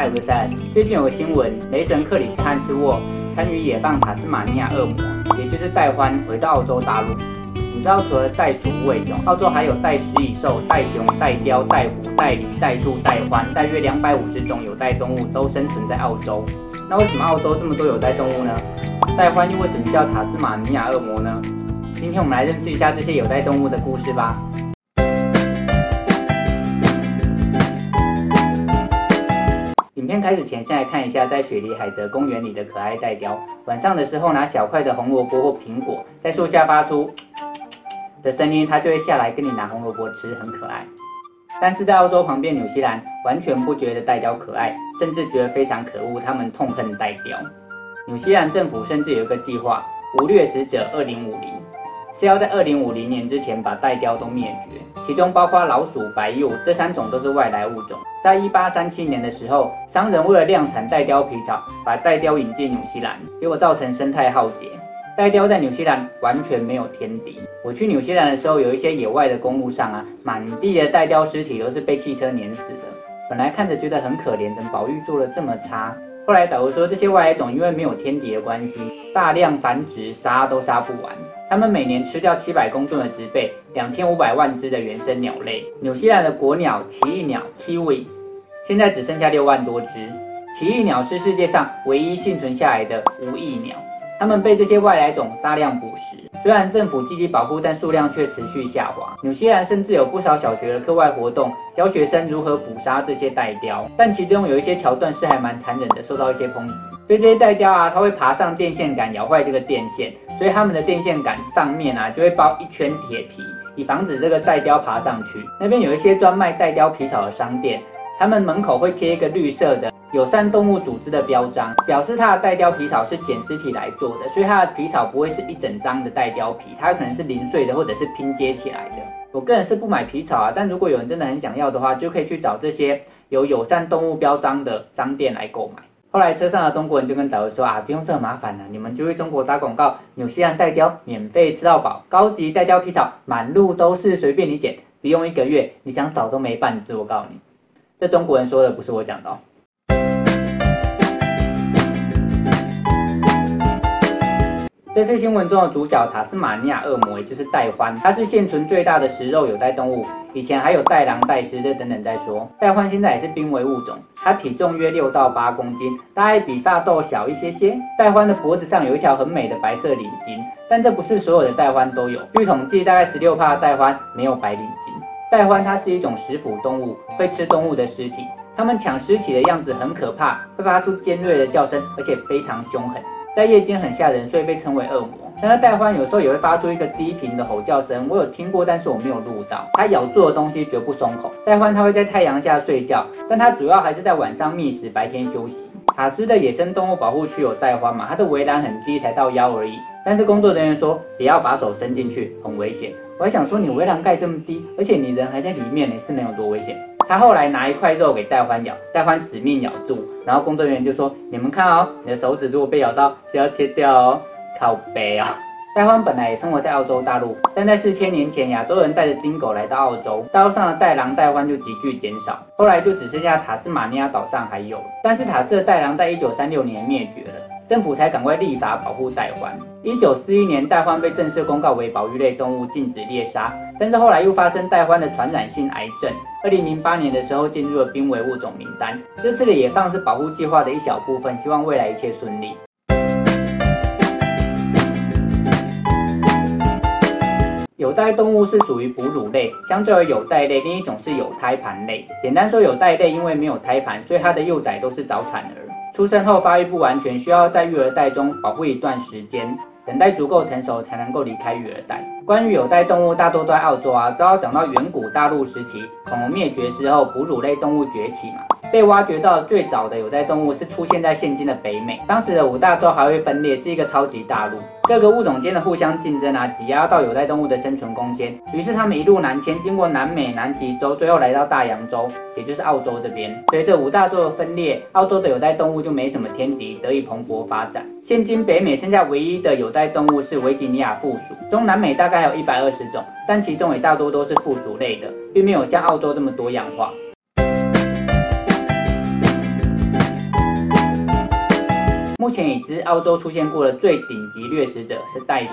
嗨，what's up？最近有個新聞，雷神克里斯漢斯沃參與野放塔斯馬尼亞惡魔，也就是袋獾回到澳洲大陸。你知道除了袋鼠、無尾熊，澳洲還有袋食蟻獸、袋熊、袋貂、袋鼯、袋狸、袋兔、袋獾，大約兩百五十種有袋動物都生存在澳洲。那為什麼澳洲這麼多有袋動物呢？袋獾又為什麼叫塔斯馬尼亞惡魔呢？今天我們來認識一下這些有袋動物的故事吧。影片開始前，先來看一下在雪梨海德公園裡的可愛袋貂。晚上的時候，拿小塊的紅蘿蔔或蘋果，在樹下發出的聲音，它就會下來跟你拿紅蘿蔔吃，很可愛。但是在澳洲旁邊紐西蘭，完全不覺得袋貂可愛，甚至覺得非常可惡，他們痛恨袋貂。紐西蘭政府甚至有一個計劃“無掠食者 2050”。是要在二零五零年之前把袋貂都滅絕，其中包括老鼠、白鼬，這三種都是外來物種。在一八三七年的時候，商人為了量產袋貂皮草，把袋貂引進紐西蘭，結果造成生態浩劫。袋貂在紐西蘭完全沒有天敵。我去紐西蘭的時候，有一些野外的公路上啊，滿地的袋貂屍體都是被汽車碾死的。本來看着覺得很可憐，怎麼保育做得這麼差？後來導遊說，這些外來種因為沒有天敵的關係，大量繁殖，殺都殺不完。它們每年吃掉七百公噸的植被，兩千五百萬隻的原生鳥類。紐西蘭的國鳥奇異鳥 kiwi，現在只剩下六萬多隻。奇異鳥是世界上唯一幸存下來的無翼鳥，它們被這些外來種大量捕食。雖然政府積極保護，但數量卻持續下滑。紐西蘭甚至有不少小學的課外活動教學生如何捕殺這些袋雕。但其中有一些橋段是還蠻殘忍的，受到一些抨擊。所以這些袋雕啊，它會爬上電線桿咬壞這個電線，所以他們的電線桿上面啊就會包一圈鐵皮，以防止這個袋雕爬上去。那邊有一些專賣袋貂皮草的商店，他們門口會貼一個綠色的。友善動物組織的標章，表示它的帶貂皮草是撿屍體來做的，所以它的皮草不會是一整張的帶貂皮，它可能是零碎的或者是拼接起來的。我個人是不買皮草啊，但如果有人真的很想要的話，就可以去找這些有友善動物標章的商店來購買。後來車上的中國人就跟導遊說啊，不用這麼麻煩了啊，你們就為中國打廣告，紐西蘭帶貂免費吃到飽，高級帶貂皮草滿路都是，隨便你撿，不用一個月，你想找都沒半隻。我告訴你，這中國人說的不是我講的哦。這次新聞中的主角塔斯馬尼亞惡魔，也就是袋獾，它是現存最大的食肉有袋動物。以前還有袋狼、袋獅，獅，這等等再說。袋獾現在也是瀕危物種，它體重約六到八公斤，大概比大狗小一些些。袋獾的脖子上有一條很美的白色領巾，但這不是所有的袋獾都有。據統計，大概十六趴的袋獾沒有白領巾。袋獾它是一種食腐動物，會吃動物的屍體。它們搶屍體的樣子很可怕，會發出尖銳的叫聲，而且非常兇狠。在夜間很嚇人，所以被稱為惡魔。但是袋獾有時候也會發出一個低頻的吼叫聲，我有聽過，但是我沒有錄到。它咬住的東西絕不鬆口。袋獾它會在太陽下睡覺，但它主要還是在晚上覓食，白天休息。塔斯的野生動物保護區有袋獾嘛？它的圍欄很低，才到腰而已。但是工作人員說，不要把手伸進去，很危險。我還想說，你圍欄蓋這麼低，而且你人還在裡面，你是能有多危險？他後來拿一塊肉給袋獾咬，袋獾死命咬住，然後工作人員就說：“你們看哦，你的手指如果被咬到，就要切掉哦。靠北哦”靠北啊！袋獾本來也生活在澳洲大陸，但在四千年前，亞洲人帶着丁狗來到澳洲大陸上，袋狼袋獾就急劇減少，後來就只剩下塔斯馬尼亞島上還有，但是塔斯的袋狼在一九三六年滅絕了。政府才趕快立法保護袋獾。一九四一年，袋獾被正式公告為保育類動物，禁止獵殺。但是後來又發生袋獾的傳染性癌症。二零零八年的時候進入了瀕危物種名單。這次的野放是保護計劃的一小部分，希望未來一切順利。有袋動物是屬於哺乳類，相對於有袋類，另一種是有胎盤類。簡單說，有袋類因為沒有胎盤，所以它的幼崽都是早產兒。出生後發育不完全，需要在育兒袋中保護一段時間，等待足夠成熟才能夠離開育兒袋。關於有袋動物大多都在澳洲啊，都要講到遠古大陸時期，恐龍滅絕之後，哺乳類動物崛起嘛。被挖掘到最早的有袋動物是出現在現今的北美，當時的五大洲還未分裂，是一個超級大陸，各個物種間的互相競爭啊，擠壓到有袋動物的生存空間，於是他們一路南遷，經過南美、南極洲，最後來到大洋洲，也就是澳洲這邊。隨着五大洲的分裂，澳洲的有袋動物就沒什麼天敵，得以蓬勃發展。現今北美現在唯一的有袋動物是維吉尼亞負鼠。中南美大概還有一百二十種，但其中也大多都是負鼠類的，並沒有像澳洲這麼多樣化。目前已知澳洲出現過的最頂級掠食者是袋獅，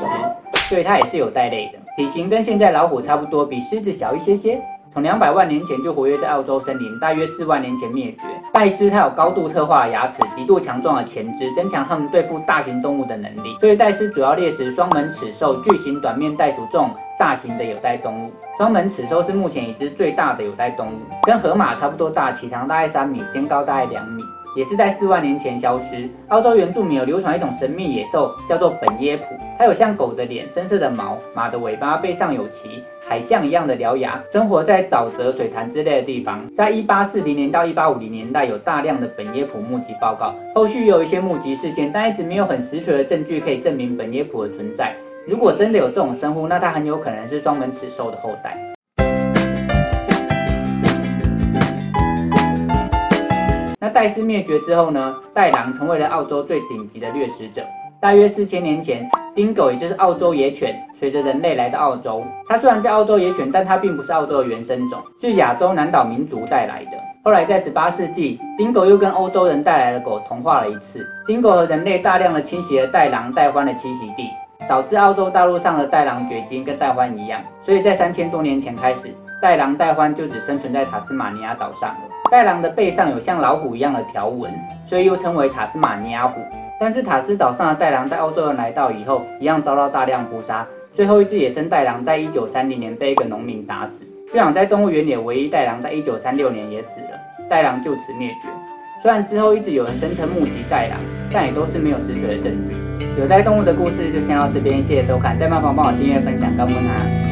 所以它也是有袋類的，體型跟現在老虎差不多，比獅子小一些些。從兩百萬年前就活躍在澳洲森林，大約四萬年前滅絕。袋獅它有高度特化的牙齒，極度強壯的前肢，增強它們對付大型動物的能力。所以袋獅主要獵食雙門齒獸、巨型短面袋鼠這種大型的有袋動物。雙門齒獸是目前已知最大的有袋動物，跟河馬差不多大，體長大概三米，肩高大概兩米。也是在四萬年前消失。澳洲原住民有流傳一種神秘野獸，叫做本耶普，它有像狗的臉、深色的毛、馬的尾巴、背上有鰭、海象一樣的獠牙，生活在沼澤、水潭之類的地方。在一八四零年到一八五零年代，有大量的本耶普目擊報告，後續有一些目擊事件，但一直沒有很實錘的證據可以證明本耶普的存在。如果真的有這種生物，那它很有可能是雙門齒獸的後代。在滅絕之後呢，袋狼成為了澳洲最頂級的掠食者。大約四千年前，丁狗也就是澳洲野犬，隨着人類來到澳洲。它雖然叫澳洲野犬，但它並不是澳洲的原生種，是亞洲南島民族帶來的。後來在十八世紀，丁狗又跟歐洲人帶來的狗同化了一次。丁狗和人類大量的侵襲了袋狼、袋獾的棲息地，導致澳洲大陸上的袋狼絕跡，跟袋獾一樣。所以在三千多年前開始，袋狼、袋獾就只生存在塔斯馬尼亞島上。袋狼的背上有像老虎一樣的條紋，所以又稱為塔斯馬尼亞虎。但是塔斯島上的袋狼在歐洲人來到以後，一樣遭到大量捕殺。最後一只野生袋狼在一九三零年被一個農民打死。飼養在動物園裡唯一袋狼在一九三六年也死了，袋狼就此滅絕。雖然之後一直有人聲稱目擊袋狼，但也都是沒有實錘的證據。有袋動物的故事就先到這邊，謝謝收看。再慢慢幫我訂閱、分享、關注他。